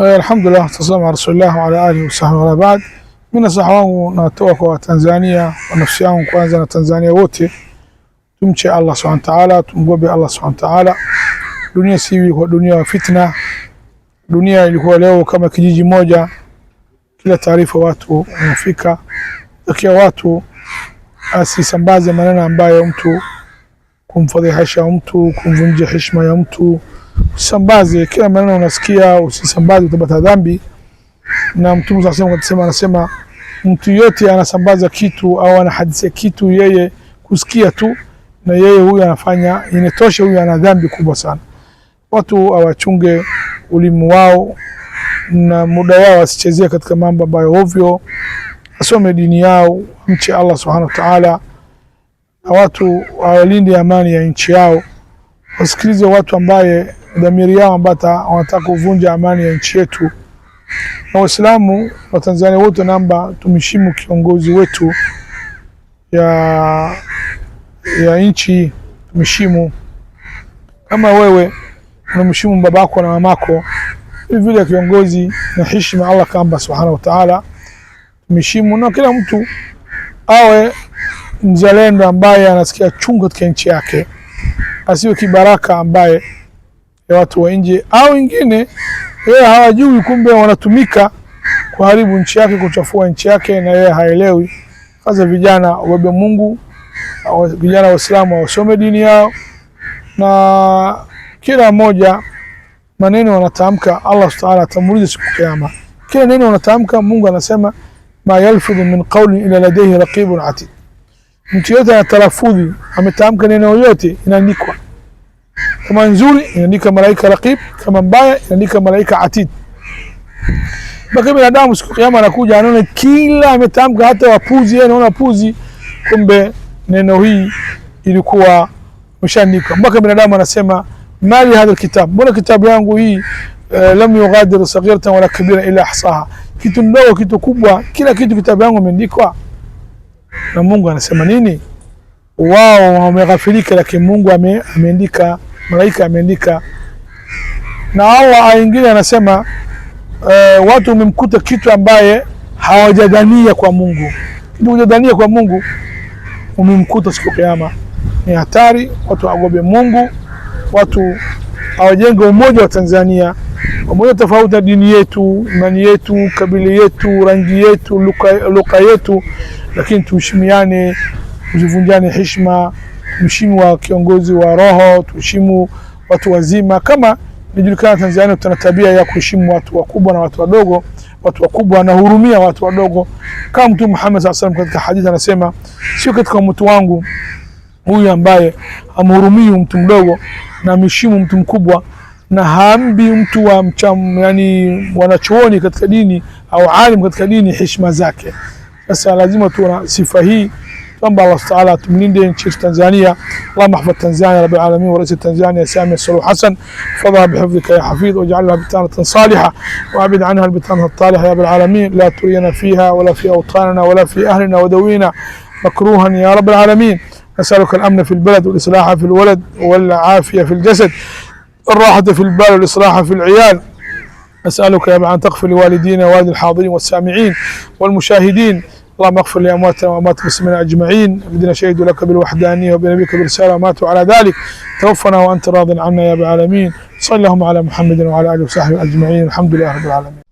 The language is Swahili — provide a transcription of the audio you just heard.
Eh, alhamdulillah, tasalamu rasulillah waala alihi wasahbihi wala baad. Mi nasaha wangu natoa kwa Watanzania, kwa nafsi yangu kwanza na Tanzania wote, tumche Allah subhanahu wa ta'ala, tumgobe Allah subhanahu wa ta'ala. Dunia si ilikuwa dunia ya fitna, dunia ilikuwa leo kama kijiji moja, kila taarifa watu wanafika, takia watu asisambaze maneno ambayo mtu kumfadhihisha mtu, kumvunja heshima ya mtu. Usisambaze kila maneno unasikia, usisambaze, utapata dhambi. Na Mtume anasema anasema, mtu yote anasambaza kitu au anahadithia kitu yeye kusikia tu, na yeye huyu anafanya inatosha, huyu ana dhambi kubwa sana. Watu awachunge ulimu wao na muda wao, asichezea katika mambo ambayo ovyo, asome dini yao, mche Allah subhanahu wa ta'ala na watu walinde amani ya nchi yao, wasikilize watu ambaye dhamiri yao ambata wanataka kuvunja amani ya nchi yetu, na Waislamu wa Tanzania wote namba tumheshimu kiongozi wetu ya, ya nchi, tumheshimu kama wewe unamheshimu babako na mamako, hivi vile kiongozi na heshima Allah kaamba subhanahu wa ta'ala, tumheshimu na kila mtu awe mzalendo ambaye anasikia chungu katika nchi yake, asiwe kibaraka ambaye ya watu wa nje au wengine yeye hawajui, kumbe wanatumika kuharibu nchi yake, kuchafua nchi yake, na yeye haelewi. Sasa vijana wabebe Mungu, vijana Waislamu wasome dini yao, na kila mmoja maneno wanatamka, Allah subhanahu wa ta'ala atamuuliza siku Kiyama. Kila neno wanatamka, Mungu anasema ma yalfidhu min qawlin ila ladayhi raqibun atid mtu yote anatalafudhi ametamka neno yoyote inaandikwa. Kama nzuri inaandika malaika raqib, kama mbaya inaandika malaika atid. Mpaka binadamu siku kiyama anakuja anaona kila ametamka, hata wapuzi yeye anaona puzi, kumbe neno hii ilikuwa imeshaandikwa. Mpaka binadamu anasema mali hadha alkitab, mbona kitabu yangu hii Uh, lam yughadiru saghiratan wala kabira ila ahsaha, kitu ndogo kitu kubwa, kila kitu kitabu yangu imeandikwa na Mungu anasema nini? Wao wameghafilika, lakini Mungu ameandika, malaika ameandika. Na Allah wengine anasema e, watu wamemkuta kitu ambaye hawajadania kwa Mungu. Kitu hujadania kwa Mungu umemkuta siku kiyama, ni hatari. Watu waogope Mungu, watu awajenge umoja wa Tanzania, umoja tofauti na dini yetu, imani yetu, kabila yetu, rangi yetu, lugha yetu, lakini tuheshimiane, tuzivunjane heshima, tuheshimu wa kiongozi wa roho, tuheshimu watu wazima. Kama nijulikana Tanzania, tuna tabia ya kuheshimu watu wakubwa na watu wadogo. Watu wakubwa anahurumia watu wadogo, kama mtu Muhammad sallallahu alaihi wasallam katika hadithi anasema, sio katika mtu wangu huyu ambaye hamhurumii mtu mdogo na mheshimu mtu mkubwa na haambi mtu wa mcham, yani wanachuoni katika dini au alim katika dini heshima zake. Sasa lazima na sifa hii kwamba Allah Taala tumlinde nchi yetu Tanzania. Allahumma hafidh Tanzania rabbil alamin wa rais Tanzania Samia Suluhu Hassan fadha bihifdhika ya hafidh waj'alha bitanatan saliha wa abid anha albitana altaliha ya rabbil alamin la turina fiha wala fi awtanina wala fi ahlina wa dawina makruhan ya rabbil alamin نسألك الأمن في البلد والإصلاح في الولد والعافية في الجسد الراحة في البال والإصلاح في العيال أسألك يا أن تغفر لوالدينا والد الحاضرين والسامعين والمشاهدين اللهم اغفر لأمواتنا وأموات المسلمين أجمعين الذين شهدوا لك بالوحدانية وبنبيك بالرسالة وماتوا على ذلك توفنا وأنت راض عنا يا رب العالمين صلى اللهم على محمد وعلى آله وصحبه أجمعين الحمد لله رب العالمين